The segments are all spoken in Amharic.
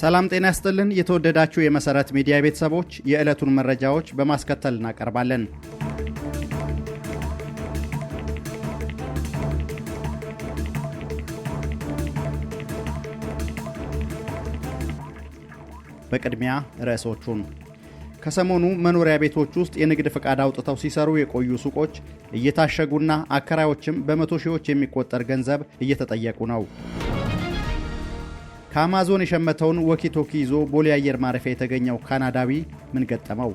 ሰላም ጤና ያስጥልን። የተወደዳችሁ የመሰረት ሚዲያ ቤተሰቦች የዕለቱን መረጃዎች በማስከተል እናቀርባለን። በቅድሚያ ርዕሶቹን ከሰሞኑ መኖሪያ ቤቶች ውስጥ የንግድ ፈቃድ አውጥተው ሲሰሩ የቆዩ ሱቆች እየታሸጉና አከራዮችም በመቶ ሺዎች የሚቆጠር ገንዘብ እየተጠየቁ ነው። ከአማዞን የሸመተውን ወኪቶኪ ይዞ ቦሌ አየር ማረፊያ የተገኘው ካናዳዊ ምን ገጠመው?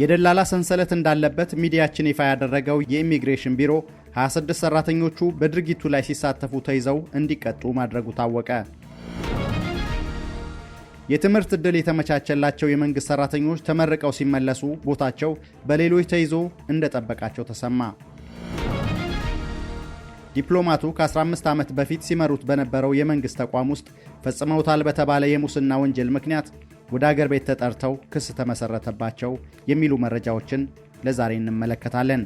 የደላላ ሰንሰለት እንዳለበት ሚዲያችን ይፋ ያደረገው የኢሚግሬሽን ቢሮ 26 ሰራተኞቹ በድርጊቱ ላይ ሲሳተፉ ተይዘው እንዲቀጡ ማድረጉ ታወቀ። የትምህርት ዕድል የተመቻቸላቸው የመንግሥት ሠራተኞች ተመርቀው ሲመለሱ ቦታቸው በሌሎች ተይዞ እንደጠበቃቸው ተሰማ። ዲፕሎማቱ ከ15 ዓመት በፊት ሲመሩት በነበረው የመንግሥት ተቋም ውስጥ ፈጽመውታል በተባለ የሙስና ወንጀል ምክንያት ወደ አገር ቤት ተጠርተው ክስ ተመሠረተባቸው የሚሉ መረጃዎችን ለዛሬ እንመለከታለን።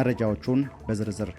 መረጃዎቹን በዝርዝር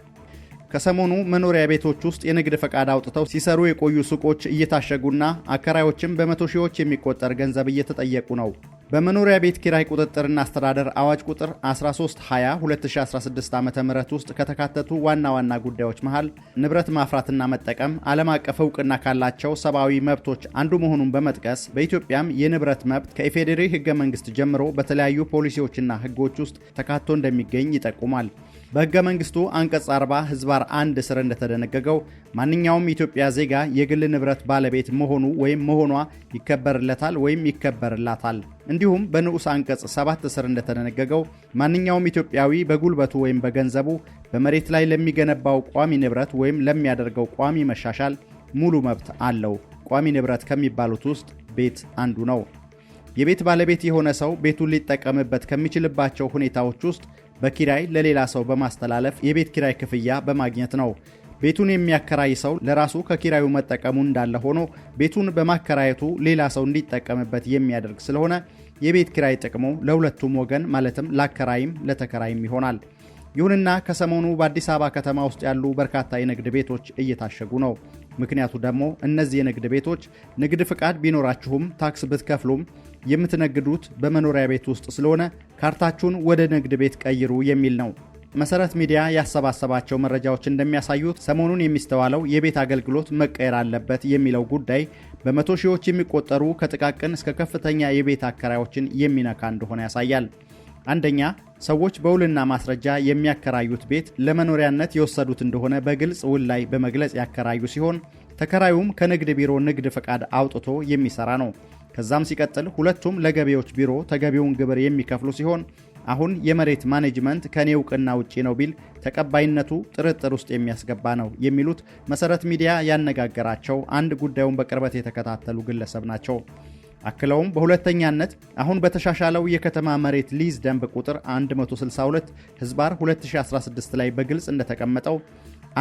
ከሰሞኑ መኖሪያ ቤቶች ውስጥ የንግድ ፈቃድ አውጥተው ሲሰሩ የቆዩ ሱቆች እየታሸጉና አከራዮችም በመቶ ሺዎች የሚቆጠር ገንዘብ እየተጠየቁ ነው። በመኖሪያ ቤት ኪራይ ቁጥጥርና አስተዳደር አዋጅ ቁጥር 1320/2016 ዓ.ም ውስጥ ከተካተቱ ዋና ዋና ጉዳዮች መሃል ንብረት ማፍራትና መጠቀም ዓለም አቀፍ እውቅና ካላቸው ሰብአዊ መብቶች አንዱ መሆኑን በመጥቀስ በኢትዮጵያም የንብረት መብት ከኢፌዴሪ ሕገ መንግስት ጀምሮ በተለያዩ ፖሊሲዎችና ሕጎች ውስጥ ተካቶ እንደሚገኝ ይጠቁማል። በህገ መንግስቱ አንቀጽ 40 ህዝባር አንድ ስር እንደተደነገገው ማንኛውም የኢትዮጵያ ዜጋ የግል ንብረት ባለቤት መሆኑ ወይም መሆኗ ይከበርለታል ወይም ይከበርላታል። እንዲሁም በንዑስ አንቀጽ 7 ስር እንደተደነገገው ማንኛውም ኢትዮጵያዊ በጉልበቱ ወይም በገንዘቡ በመሬት ላይ ለሚገነባው ቋሚ ንብረት ወይም ለሚያደርገው ቋሚ መሻሻል ሙሉ መብት አለው። ቋሚ ንብረት ከሚባሉት ውስጥ ቤት አንዱ ነው። የቤት ባለቤት የሆነ ሰው ቤቱን ሊጠቀምበት ከሚችልባቸው ሁኔታዎች ውስጥ በኪራይ ለሌላ ሰው በማስተላለፍ የቤት ኪራይ ክፍያ በማግኘት ነው። ቤቱን የሚያከራይ ሰው ለራሱ ከኪራዩ መጠቀሙ እንዳለ ሆኖ ቤቱን በማከራየቱ ሌላ ሰው እንዲጠቀምበት የሚያደርግ ስለሆነ የቤት ኪራይ ጥቅሙ ለሁለቱም ወገን ማለትም ለአከራይም ለተከራይም ይሆናል። ይሁንና ከሰሞኑ በአዲስ አበባ ከተማ ውስጥ ያሉ በርካታ የንግድ ቤቶች እየታሸጉ ነው። ምክንያቱ ደግሞ እነዚህ የንግድ ቤቶች ንግድ ፍቃድ ቢኖራችሁም ታክስ ብትከፍሉም የምትነግዱት በመኖሪያ ቤት ውስጥ ስለሆነ ካርታችሁን ወደ ንግድ ቤት ቀይሩ የሚል ነው። መሰረት ሚዲያ ያሰባሰባቸው መረጃዎች እንደሚያሳዩት ሰሞኑን የሚስተዋለው የቤት አገልግሎት መቀየር አለበት የሚለው ጉዳይ በመቶ ሺዎች የሚቆጠሩ ከጥቃቅን እስከ ከፍተኛ የቤት አከራዮችን የሚነካ እንደሆነ ያሳያል። አንደኛ ሰዎች በውልና ማስረጃ የሚያከራዩት ቤት ለመኖሪያነት የወሰዱት እንደሆነ በግልጽ ውል ላይ በመግለጽ ያከራዩ ሲሆን ተከራዩም ከንግድ ቢሮ ንግድ ፈቃድ አውጥቶ የሚሰራ ነው። ከዛም ሲቀጥል ሁለቱም ለገቢዎች ቢሮ ተገቢውን ግብር የሚከፍሉ ሲሆን አሁን የመሬት ማኔጅመንት ከኔ እውቅና ውጪ ነው ቢል ተቀባይነቱ ጥርጥር ውስጥ የሚያስገባ ነው የሚሉት መሰረት ሚዲያ ያነጋገራቸው አንድ ጉዳዩን በቅርበት የተከታተሉ ግለሰብ ናቸው። አክለውም በሁለተኛነት አሁን በተሻሻለው የከተማ መሬት ሊዝ ደንብ ቁጥር 162 ህዝባር 2016 ላይ በግልጽ እንደተቀመጠው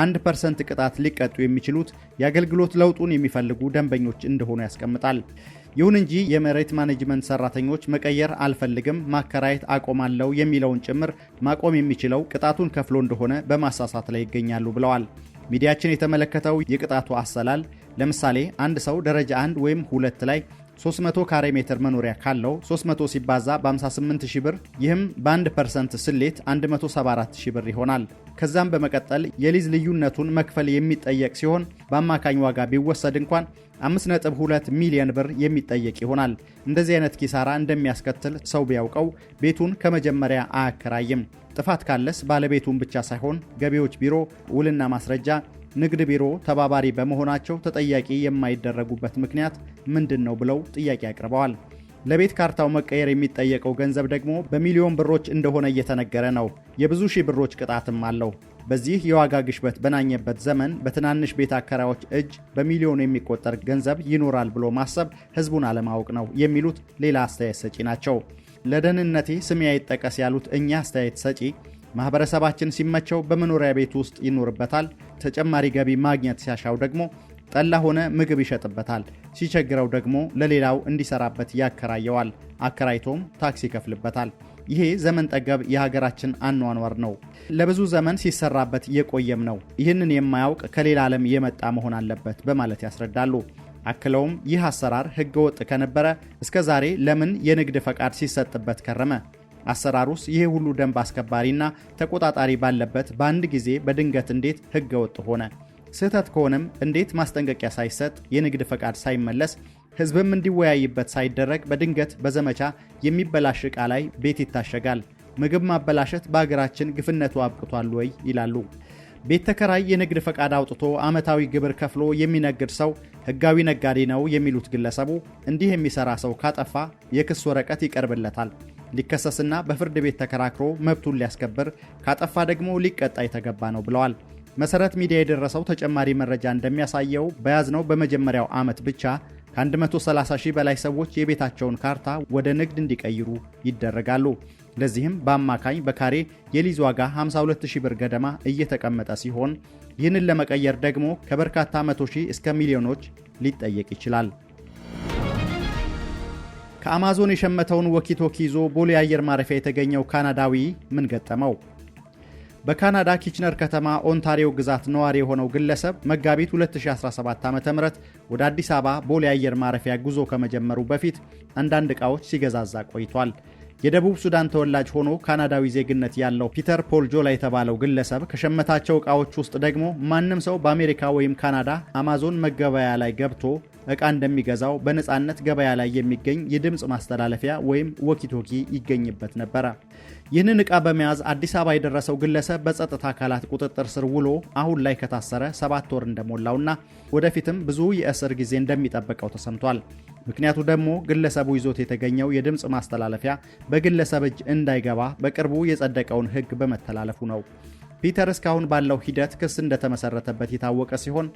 1 ፐርሰንት ቅጣት ሊቀጡ የሚችሉት የአገልግሎት ለውጡን የሚፈልጉ ደንበኞች እንደሆኑ ያስቀምጣል። ይሁን እንጂ የመሬት ማኔጅመንት ሰራተኞች መቀየር አልፈልግም፣ ማከራየት አቆማለሁ የሚለውን ጭምር ማቆም የሚችለው ቅጣቱን ከፍሎ እንደሆነ በማሳሳት ላይ ይገኛሉ ብለዋል። ሚዲያችን የተመለከተው የቅጣቱ አሰላል ለምሳሌ አንድ ሰው ደረጃ አንድ ወይም ሁለት ላይ 300 ካሬ ሜትር መኖሪያ ካለው 300 ሲባዛ በ58 ሺ ብር ይህም በ1 ፐርሰንት ስሌት 174 ሺ ብር ይሆናል። ከዛም በመቀጠል የሊዝ ልዩነቱን መክፈል የሚጠየቅ ሲሆን በአማካኝ ዋጋ ቢወሰድ እንኳን 5.2 ሚሊዮን ብር የሚጠየቅ ይሆናል። እንደዚህ አይነት ኪሳራ እንደሚያስከትል ሰው ቢያውቀው ቤቱን ከመጀመሪያ አያከራይም። ጥፋት ካለስ ባለቤቱን ብቻ ሳይሆን ገቢዎች ቢሮ ውልና ማስረጃ ንግድ ቢሮ ተባባሪ በመሆናቸው ተጠያቂ የማይደረጉበት ምክንያት ምንድን ነው ብለው ጥያቄ አቅርበዋል። ለቤት ካርታው መቀየር የሚጠየቀው ገንዘብ ደግሞ በሚሊዮን ብሮች እንደሆነ እየተነገረ ነው። የብዙ ሺህ ብሮች ቅጣትም አለው። በዚህ የዋጋ ግሽበት በናኘበት ዘመን በትናንሽ ቤት አከራዮች እጅ በሚሊዮን የሚቆጠር ገንዘብ ይኖራል ብሎ ማሰብ ህዝቡን አለማወቅ ነው የሚሉት ሌላ አስተያየት ሰጪ ናቸው። ለደህንነቴ ስሜ አይጠቀስ ያሉት እኚህ አስተያየት ሰጪ ማህበረሰባችን ሲመቸው በመኖሪያ ቤት ውስጥ ይኖርበታል። ተጨማሪ ገቢ ማግኘት ሲያሻው ደግሞ ጠላ ሆነ ምግብ ይሸጥበታል። ሲቸግረው ደግሞ ለሌላው እንዲሰራበት ያከራየዋል። አከራይቶም ታክስ ይከፍልበታል። ይሄ ዘመን ጠገብ የሀገራችን አኗኗር ነው። ለብዙ ዘመን ሲሰራበት የቆየም ነው። ይህንን የማያውቅ ከሌላ ዓለም የመጣ መሆን አለበት በማለት ያስረዳሉ። አክለውም ይህ አሰራር ህገወጥ ከነበረ እስከ ዛሬ ለምን የንግድ ፈቃድ ሲሰጥበት ከረመ? አሰራር ውስጥ ይሄ ሁሉ ደንብ አስከባሪና ተቆጣጣሪ ባለበት በአንድ ጊዜ በድንገት እንዴት ህገ ወጥ ሆነ? ስህተት ከሆነም እንዴት ማስጠንቀቂያ ሳይሰጥ የንግድ ፈቃድ ሳይመለስ ህዝብም እንዲወያይበት ሳይደረግ በድንገት በዘመቻ የሚበላሽ ዕቃ ላይ ቤት ይታሸጋል? ምግብ ማበላሸት በሀገራችን ግፍነቱ አብቅቷል ወይ ይላሉ። ቤት ተከራይ የንግድ ፈቃድ አውጥቶ ዓመታዊ ግብር ከፍሎ የሚነግድ ሰው ህጋዊ ነጋዴ ነው የሚሉት ግለሰቡ እንዲህ የሚሰራ ሰው ካጠፋ የክስ ወረቀት ይቀርብለታል። ሊከሰስና በፍርድ ቤት ተከራክሮ መብቱን ሊያስከብር ካጠፋ ደግሞ ሊቀጣ የተገባ ነው ብለዋል። መሰረት ሚዲያ የደረሰው ተጨማሪ መረጃ እንደሚያሳየው በያዝነው በመጀመሪያው ዓመት ብቻ ከ130 ሺህ በላይ ሰዎች የቤታቸውን ካርታ ወደ ንግድ እንዲቀይሩ ይደረጋሉ። ለዚህም በአማካኝ በካሬ የሊዝ ዋጋ 52 ሺህ ብር ገደማ እየተቀመጠ ሲሆን ይህንን ለመቀየር ደግሞ ከበርካታ መቶ ሺህ እስከ ሚሊዮኖች ሊጠየቅ ይችላል። ከአማዞን የሸመተውን ወኪቶኪ ይዞ ቦሌ አየር ማረፊያ የተገኘው ካናዳዊ ምን ገጠመው? በካናዳ ኪችነር ከተማ ኦንታሪዮ ግዛት ነዋሪ የሆነው ግለሰብ መጋቢት 2017 ዓ ም ወደ አዲስ አበባ ቦሌ አየር ማረፊያ ጉዞ ከመጀመሩ በፊት አንዳንድ ዕቃዎች ሲገዛዛ ቆይቷል። የደቡብ ሱዳን ተወላጅ ሆኖ ካናዳዊ ዜግነት ያለው ፒተር ፖል ጆላ የተባለው ግለሰብ ከሸመታቸው ዕቃዎች ውስጥ ደግሞ ማንም ሰው በአሜሪካ ወይም ካናዳ አማዞን መገበያ ላይ ገብቶ እቃ እንደሚገዛው በነፃነት ገበያ ላይ የሚገኝ የድምፅ ማስተላለፊያ ወይም ወኪቶኪ ይገኝበት ነበረ። ይህንን እቃ በመያዝ አዲስ አበባ የደረሰው ግለሰብ በጸጥታ አካላት ቁጥጥር ስር ውሎ አሁን ላይ ከታሰረ ሰባት ወር እንደሞላውና ወደፊትም ብዙ የእስር ጊዜ እንደሚጠብቀው ተሰምቷል። ምክንያቱ ደግሞ ግለሰቡ ይዞት የተገኘው የድምፅ ማስተላለፊያ በግለሰብ እጅ እንዳይገባ በቅርቡ የጸደቀውን ሕግ በመተላለፉ ነው። ፒተር እስካሁን ባለው ሂደት ክስ እንደተመሰረተበት የታወቀ ሲሆን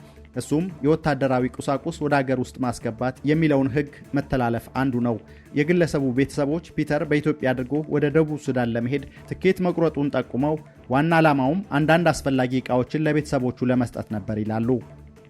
እሱም የወታደራዊ ቁሳቁስ ወደ አገር ውስጥ ማስገባት የሚለውን ሕግ መተላለፍ አንዱ ነው። የግለሰቡ ቤተሰቦች ፒተር በኢትዮጵያ አድርጎ ወደ ደቡብ ሱዳን ለመሄድ ትኬት መቁረጡን ጠቁመው ዋና ዓላማውም አንዳንድ አስፈላጊ ዕቃዎችን ለቤተሰቦቹ ለመስጠት ነበር ይላሉ።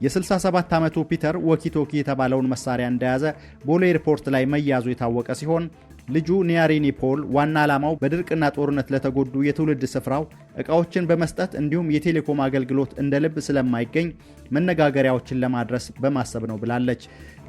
የ67 ዓመቱ ፒተር ወኪቶኪ የተባለውን መሳሪያ እንደያዘ ቦሌ ኤርፖርት ላይ መያዙ የታወቀ ሲሆን ልጁ ኒያሪኒ ፖል ዋና ዓላማው በድርቅና ጦርነት ለተጎዱ የትውልድ ስፍራው እቃዎችን በመስጠት እንዲሁም የቴሌኮም አገልግሎት እንደ ልብ ስለማይገኝ መነጋገሪያዎችን ለማድረስ በማሰብ ነው ብላለች።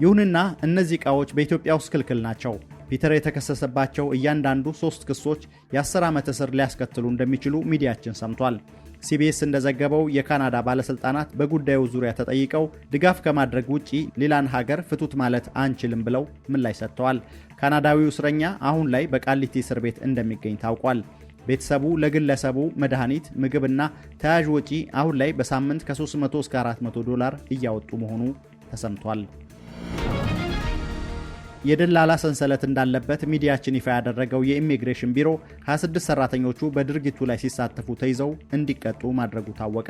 ይሁንና እነዚህ እቃዎች በኢትዮጵያ ውስጥ ክልክል ናቸው። ፒተር የተከሰሰባቸው እያንዳንዱ ሶስት ክሶች የአስር ዓመት እስር ሊያስከትሉ እንደሚችሉ ሚዲያችን ሰምቷል። ሲቢኤስ እንደዘገበው የካናዳ ባለስልጣናት በጉዳዩ ዙሪያ ተጠይቀው ድጋፍ ከማድረግ ውጪ ሌላን ሀገር ፍቱት ማለት አንችልም ብለው ምላሽ ሰጥተዋል። ካናዳዊው እስረኛ አሁን ላይ በቃሊቲ እስር ቤት እንደሚገኝ ታውቋል። ቤተሰቡ ለግለሰቡ መድኃኒት፣ ምግብና ተያዥ ወጪ አሁን ላይ በሳምንት ከ300 እስከ 400 ዶላር እያወጡ መሆኑ ተሰምቷል። የደላላ ሰንሰለት እንዳለበት ሚዲያችን ይፋ ያደረገው የኢሚግሬሽን ቢሮ 26 ሰራተኞቹ በድርጊቱ ላይ ሲሳተፉ ተይዘው እንዲቀጡ ማድረጉ ታወቀ።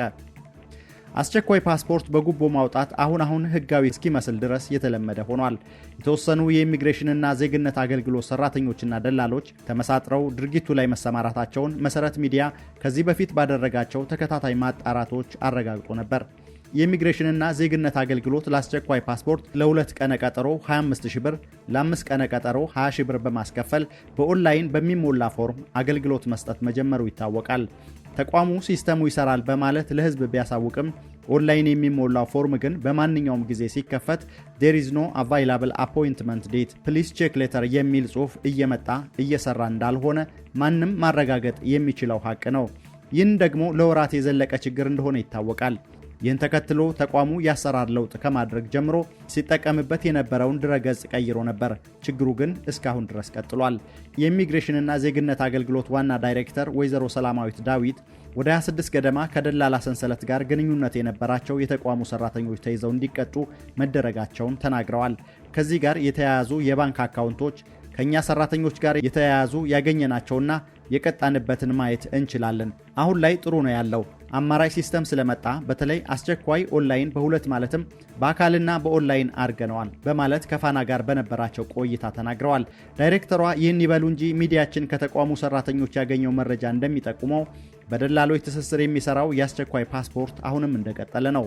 አስቸኳይ ፓስፖርት በጉቦ ማውጣት አሁን አሁን ህጋዊ እስኪመስል ድረስ የተለመደ ሆኗል። የተወሰኑ የኢሚግሬሽንና ዜግነት አገልግሎት ሰራተኞችና ደላሎች ተመሳጥረው ድርጊቱ ላይ መሰማራታቸውን መሰረት ሚዲያ ከዚህ በፊት ባደረጋቸው ተከታታይ ማጣራቶች አረጋግጦ ነበር። የኢሚግሬሽንና ዜግነት አገልግሎት ለአስቸኳይ ፓስፖርት ለሁለት ቀነ ቀጠሮ 25 ሺ ብር፣ ለአምስት ቀነ ቀጠሮ 20 ብር በማስከፈል በኦንላይን በሚሞላ ፎርም አገልግሎት መስጠት መጀመሩ ይታወቃል። ተቋሙ ሲስተሙ ይሰራል በማለት ለሕዝብ ቢያሳውቅም ኦንላይን የሚሞላው ፎርም ግን በማንኛውም ጊዜ ሲከፈት ኢዝ ኖ አቫይላብል አፖይንትመንት ዴት ፕሊስ ቼክ ሌተር የሚል ጽሑፍ እየመጣ እየሰራ እንዳልሆነ ማንም ማረጋገጥ የሚችለው ሀቅ ነው። ይህን ደግሞ ለወራት የዘለቀ ችግር እንደሆነ ይታወቃል። ይህን ተከትሎ ተቋሙ የአሰራር ለውጥ ከማድረግ ጀምሮ ሲጠቀምበት የነበረውን ድረገጽ ቀይሮ ነበር። ችግሩ ግን እስካሁን ድረስ ቀጥሏል። የኢሚግሬሽንና ዜግነት አገልግሎት ዋና ዳይሬክተር ወይዘሮ ሰላማዊት ዳዊት ወደ 26 ገደማ ከደላላ ሰንሰለት ጋር ግንኙነት የነበራቸው የተቋሙ ሰራተኞች ተይዘው እንዲቀጡ መደረጋቸውን ተናግረዋል። ከዚህ ጋር የተያያዙ የባንክ አካውንቶች ከእኛ ሰራተኞች ጋር የተያያዙ ያገኘናቸውና የቀጣንበትን ማየት እንችላለን። አሁን ላይ ጥሩ ነው ያለው አማራጭ ሲስተም ስለመጣ በተለይ አስቸኳይ ኦንላይን በሁለት ማለትም በአካልና በኦንላይን አድርገነዋል በማለት ከፋና ጋር በነበራቸው ቆይታ ተናግረዋል። ዳይሬክተሯ ይህን ይበሉ እንጂ ሚዲያችን ከተቋሙ ሰራተኞች ያገኘው መረጃ እንደሚጠቁመው በደላሎች ትስስር የሚሰራው የአስቸኳይ ፓስፖርት አሁንም እንደቀጠለ ነው።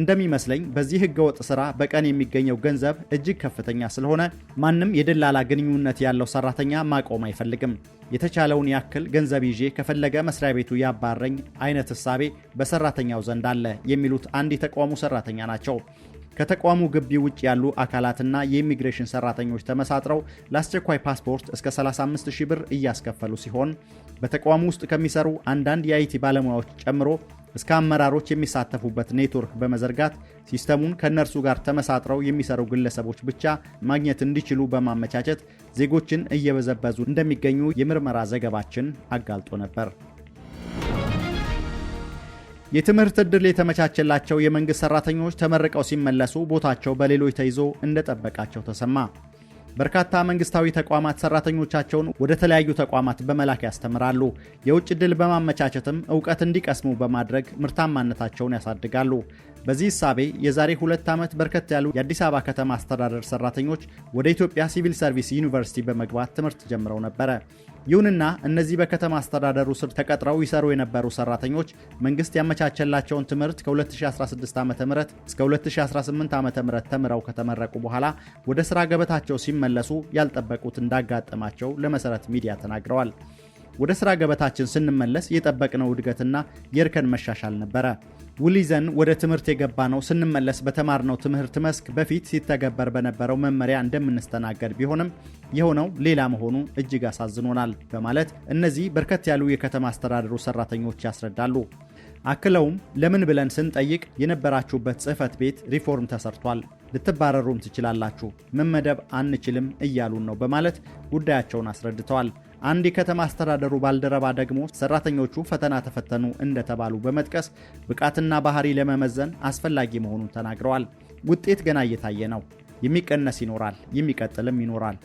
እንደሚመስለኝ በዚህ ህገወጥ ስራ በቀን የሚገኘው ገንዘብ እጅግ ከፍተኛ ስለሆነ ማንም የደላላ ግንኙነት ያለው ሰራተኛ ማቆም አይፈልግም። የተቻለውን ያክል ገንዘብ ይዤ ከፈለገ መስሪያ ቤቱ ያባረኝ አይነት እሳቤ በሰራተኛው ዘንድ አለ የሚሉት አንድ የተቋሙ ሰራተኛ ናቸው። ከተቋሙ ግቢ ውጭ ያሉ አካላትና የኢሚግሬሽን ሰራተኞች ተመሳጥረው ለአስቸኳይ ፓስፖርት እስከ 35 ሺህ ብር እያስከፈሉ ሲሆን በተቋሙ ውስጥ ከሚሰሩ አንዳንድ የአይቲ ባለሙያዎች ጨምሮ እስከ አመራሮች የሚሳተፉበት ኔትወርክ በመዘርጋት ሲስተሙን ከእነርሱ ጋር ተመሳጥረው የሚሰሩ ግለሰቦች ብቻ ማግኘት እንዲችሉ በማመቻቸት ዜጎችን እየበዘበዙ እንደሚገኙ የምርመራ ዘገባችን አጋልጦ ነበር። የትምህርት ዕድል የተመቻቸላቸው የመንግሥት ሠራተኞች ተመርቀው ሲመለሱ ቦታቸው በሌሎች ተይዞ እንደጠበቃቸው ተሰማ። በርካታ መንግስታዊ ተቋማት ሰራተኞቻቸውን ወደ ተለያዩ ተቋማት በመላክ ያስተምራሉ። የውጭ ድል በማመቻቸትም እውቀት እንዲቀስሙ በማድረግ ምርታማነታቸውን ያሳድጋሉ። በዚህ እሳቤ የዛሬ ሁለት ዓመት በርከት ያሉ የአዲስ አበባ ከተማ አስተዳደር ሰራተኞች ወደ ኢትዮጵያ ሲቪል ሰርቪስ ዩኒቨርሲቲ በመግባት ትምህርት ጀምረው ነበረ። ይሁንና እነዚህ በከተማ አስተዳደሩ ስር ተቀጥረው ይሰሩ የነበሩ ሰራተኞች መንግስት ያመቻቸላቸውን ትምህርት ከ2016 ዓ ም እስከ 2018 ዓ ም ተምረው ከተመረቁ በኋላ ወደ ስራ ገበታቸው ሲመለሱ ያልጠበቁት እንዳጋጠማቸው ለመሰረት ሚዲያ ተናግረዋል። ወደ ሥራ ገበታችን ስንመለስ የጠበቅነው እድገትና የእርከን መሻሻል ነበረ። ውሊዘን ወደ ትምህርት የገባ ነው። ስንመለስ በተማርነው ትምህርት መስክ በፊት ሲተገበር በነበረው መመሪያ እንደምንስተናገድ ቢሆንም የሆነው ሌላ መሆኑ እጅግ አሳዝኖናል በማለት እነዚህ በርከት ያሉ የከተማ አስተዳደሩ ሰራተኞች ያስረዳሉ። አክለውም ለምን ብለን ስንጠይቅ የነበራችሁበት ጽህፈት ቤት ሪፎርም ተሰርቷል፣ ልትባረሩም ትችላላችሁ፣ መመደብ አንችልም እያሉን ነው በማለት ጉዳያቸውን አስረድተዋል። አንድ የከተማ አስተዳደሩ ባልደረባ ደግሞ ሰራተኞቹ ፈተና ተፈተኑ እንደተባሉ በመጥቀስ ብቃትና ባህሪ ለመመዘን አስፈላጊ መሆኑን ተናግረዋል። ውጤት ገና እየታየ ነው። የሚቀነስ ይኖራል፣ የሚቀጥልም ይኖራል።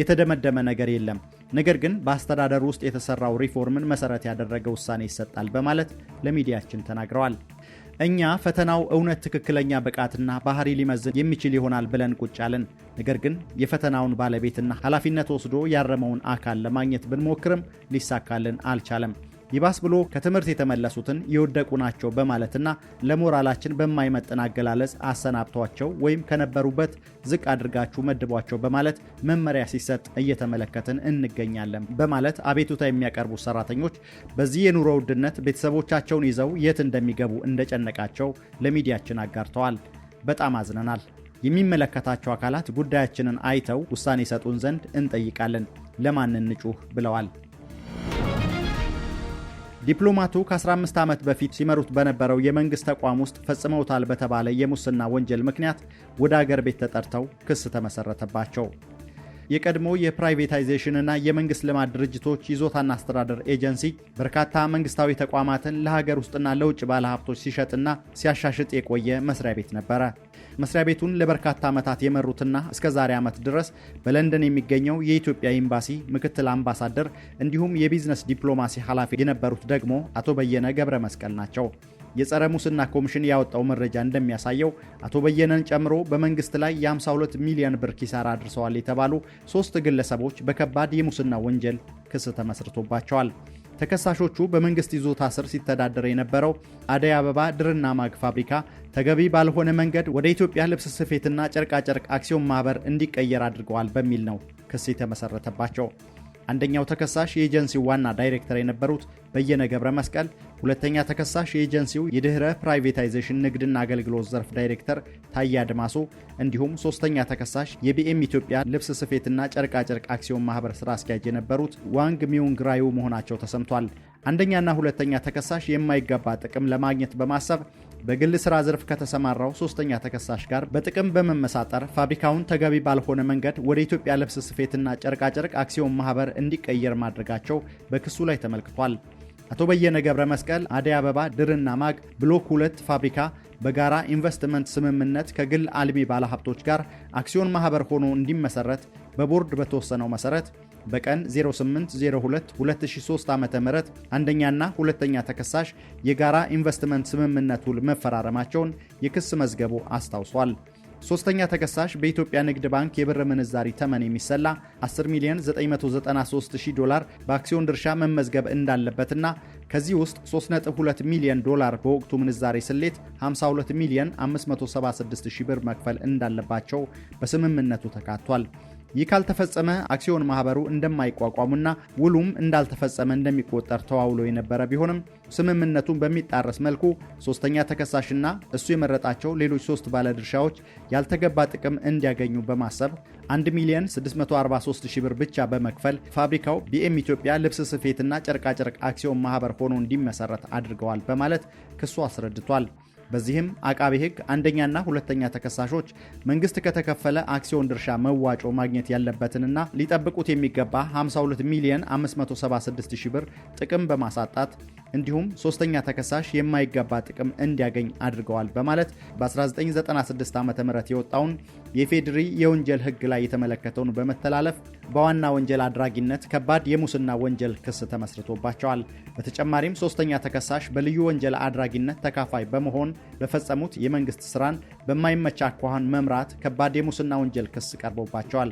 የተደመደመ ነገር የለም። ነገር ግን በአስተዳደሩ ውስጥ የተሰራው ሪፎርምን መሰረት ያደረገ ውሳኔ ይሰጣል በማለት ለሚዲያችን ተናግረዋል። እኛ ፈተናው እውነት ትክክለኛ ብቃትና ባህሪ ሊመዝን የሚችል ይሆናል ብለን ቁጭ ነገር ግን የፈተናውን ባለቤትና ኃላፊነት ወስዶ ያረመውን አካል ለማግኘት ብንሞክርም ሊሳካልን አልቻለም። ይባስ ብሎ ከትምህርት የተመለሱትን የወደቁ ናቸው በማለትና ለሞራላችን በማይመጥን አገላለጽ አሰናብቷቸው ወይም ከነበሩበት ዝቅ አድርጋችሁ መድቧቸው በማለት መመሪያ ሲሰጥ እየተመለከትን እንገኛለን በማለት አቤቱታ የሚያቀርቡ ሰራተኞች በዚህ የኑሮ ውድነት ቤተሰቦቻቸውን ይዘው የት እንደሚገቡ እንደጨነቃቸው ለሚዲያችን አጋርተዋል። በጣም አዝነናል። የሚመለከታቸው አካላት ጉዳያችንን አይተው ውሳኔ ይሰጡን ዘንድ እንጠይቃለን። ለማን እንጩህ ብለዋል። ዲፕሎማቱ ከ15 ዓመት በፊት ሲመሩት በነበረው የመንግሥት ተቋም ውስጥ ፈጽመውታል በተባለ የሙስና ወንጀል ምክንያት ወደ አገር ቤት ተጠርተው ክስ ተመሠረተባቸው። የቀድሞ የፕራይቬታይዜሽንና የመንግስት ልማት ድርጅቶች ይዞታና አስተዳደር ኤጀንሲ በርካታ መንግስታዊ ተቋማትን ለሀገር ውስጥና ለውጭ ባለሀብቶች ሲሸጥና ሲያሻሽጥ የቆየ መስሪያ ቤት ነበረ። መስሪያ ቤቱን ለበርካታ ዓመታት የመሩትና እስከ ዛሬ ዓመት ድረስ በለንደን የሚገኘው የኢትዮጵያ ኤምባሲ ምክትል አምባሳደር እንዲሁም የቢዝነስ ዲፕሎማሲ ኃላፊ የነበሩት ደግሞ አቶ በየነ ገብረ መስቀል ናቸው። የጸረ ሙስና ኮሚሽን ያወጣው መረጃ እንደሚያሳየው አቶ በየነን ጨምሮ በመንግስት ላይ የ52 ሚሊዮን ብር ኪሳራ አድርሰዋል የተባሉ ሶስት ግለሰቦች በከባድ የሙስና ወንጀል ክስ ተመስርቶባቸዋል። ተከሳሾቹ በመንግስት ይዞታ ስር ሲተዳደር የነበረው አደይ አበባ ድርና ማግ ፋብሪካ ተገቢ ባልሆነ መንገድ ወደ ኢትዮጵያ ልብስ ስፌትና ጨርቃጨርቅ አክሲዮን ማህበር እንዲቀየር አድርገዋል በሚል ነው ክስ የተመሰረተባቸው። አንደኛው ተከሳሽ የኤጀንሲው ዋና ዳይሬክተር የነበሩት በየነ ገብረ መስቀል ሁለተኛ ተከሳሽ የኤጀንሲው የድህረ ፕራይቬታይዜሽን ንግድና አገልግሎት ዘርፍ ዳይሬክተር ታዬ አድማሶ እንዲሁም ሶስተኛ ተከሳሽ የቢኤም ኢትዮጵያ ልብስ ስፌትና ጨርቃጨርቅ አክሲዮን ማህበር ስራ አስኪያጅ የነበሩት ዋንግ ሚዩንግ ራዩ መሆናቸው ተሰምቷል። አንደኛና ሁለተኛ ተከሳሽ የማይገባ ጥቅም ለማግኘት በማሰብ በግል ስራ ዘርፍ ከተሰማራው ሶስተኛ ተከሳሽ ጋር በጥቅም በመመሳጠር ፋብሪካውን ተገቢ ባልሆነ መንገድ ወደ ኢትዮጵያ ልብስ ስፌትና ጨርቃጨርቅ አክሲዮን ማህበር እንዲቀየር ማድረጋቸው በክሱ ላይ ተመልክቷል። አቶ በየነ ገብረ መስቀል አደይ አበባ ድርና ማግ ብሎክ ሁለት ፋብሪካ በጋራ ኢንቨስትመንት ስምምነት ከግል አልሚ ባለሀብቶች ጋር አክሲዮን ማህበር ሆኖ እንዲመሰረት በቦርድ በተወሰነው መሰረት በቀን 0802203 ዓ ም አንደኛና ሁለተኛ ተከሳሽ የጋራ ኢንቨስትመንት ስምምነት ውል መፈራረማቸውን የክስ መዝገቡ አስታውሷል። ሶስተኛ ተከሳሽ በኢትዮጵያ ንግድ ባንክ የብር ምንዛሪ ተመን የሚሰላ 10 ሚሊዮን 993 ዶላር በአክሲዮን ድርሻ መመዝገብ እንዳለበትና ከዚህ ውስጥ 3.2 ሚሊዮን ዶላር በወቅቱ ምንዛሬ ስሌት 52 ሚሊዮን 576 ብር መክፈል እንዳለባቸው በስምምነቱ ተካቷል። ይህ ካልተፈጸመ አክሲዮን ማህበሩ እንደማይቋቋሙና ውሉም እንዳልተፈጸመ እንደሚቆጠር ተዋውሎ የነበረ ቢሆንም ስምምነቱን በሚጣረስ መልኩ ሶስተኛ ተከሳሽና እሱ የመረጣቸው ሌሎች ሶስት ባለድርሻዎች ያልተገባ ጥቅም እንዲያገኙ በማሰብ 1 ሚሊዮን 643 ሺህ ብር ብቻ በመክፈል ፋብሪካው ቢኤም ኢትዮጵያ ልብስ ስፌትና ጨርቃጨርቅ አክሲዮን ማህበር ሆኖ እንዲመሰረት አድርገዋል በማለት ክሱ አስረድቷል። በዚህም አቃቤ ሕግ አንደኛና ሁለተኛ ተከሳሾች መንግስት ከተከፈለ አክሲዮን ድርሻ መዋጮ ማግኘት ያለበትንና ሊጠብቁት የሚገባ 52 ሚሊዮን 576 ሺህ ብር ጥቅም በማሳጣት እንዲሁም ሶስተኛ ተከሳሽ የማይገባ ጥቅም እንዲያገኝ አድርገዋል በማለት በ1996 ዓ ም የወጣውን የፌዴሪ የወንጀል ህግ ላይ የተመለከተውን በመተላለፍ በዋና ወንጀል አድራጊነት ከባድ የሙስና ወንጀል ክስ ተመስርቶባቸዋል። በተጨማሪም ሶስተኛ ተከሳሽ በልዩ ወንጀል አድራጊነት ተካፋይ በመሆን በፈጸሙት የመንግስት ስራን በማይመች አኳኋን መምራት ከባድ የሙስና ወንጀል ክስ ቀርቦባቸዋል።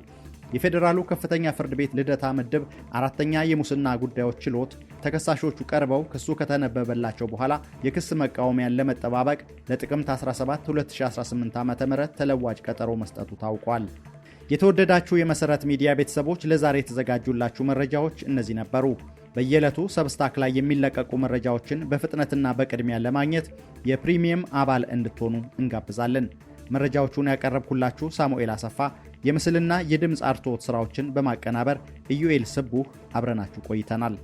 የፌዴራሉ ከፍተኛ ፍርድ ቤት ልደታ ምድብ አራተኛ የሙስና ጉዳዮች ችሎት ተከሳሾቹ ቀርበው ክሱ ከተነበበላቸው በኋላ የክስ መቃወሚያን ለመጠባበቅ ለጥቅምት 17 2018 ዓ ም ተለዋጭ ቀጠሮ መስጠቱ ታውቋል። የተወደዳችሁ የመሰረት ሚዲያ ቤተሰቦች ለዛሬ የተዘጋጁላችሁ መረጃዎች እነዚህ ነበሩ። በየዕለቱ ሰብስታክ ላይ የሚለቀቁ መረጃዎችን በፍጥነትና በቅድሚያ ለማግኘት የፕሪሚየም አባል እንድትሆኑ እንጋብዛለን። መረጃዎቹን ያቀረብኩላችሁ ሳሙኤል አሰፋ፣ የምስልና የድምፅ አርትዖት ሥራዎችን በማቀናበር ኢዩኤል ስቡህ፣ አብረናችሁ ቆይተናል።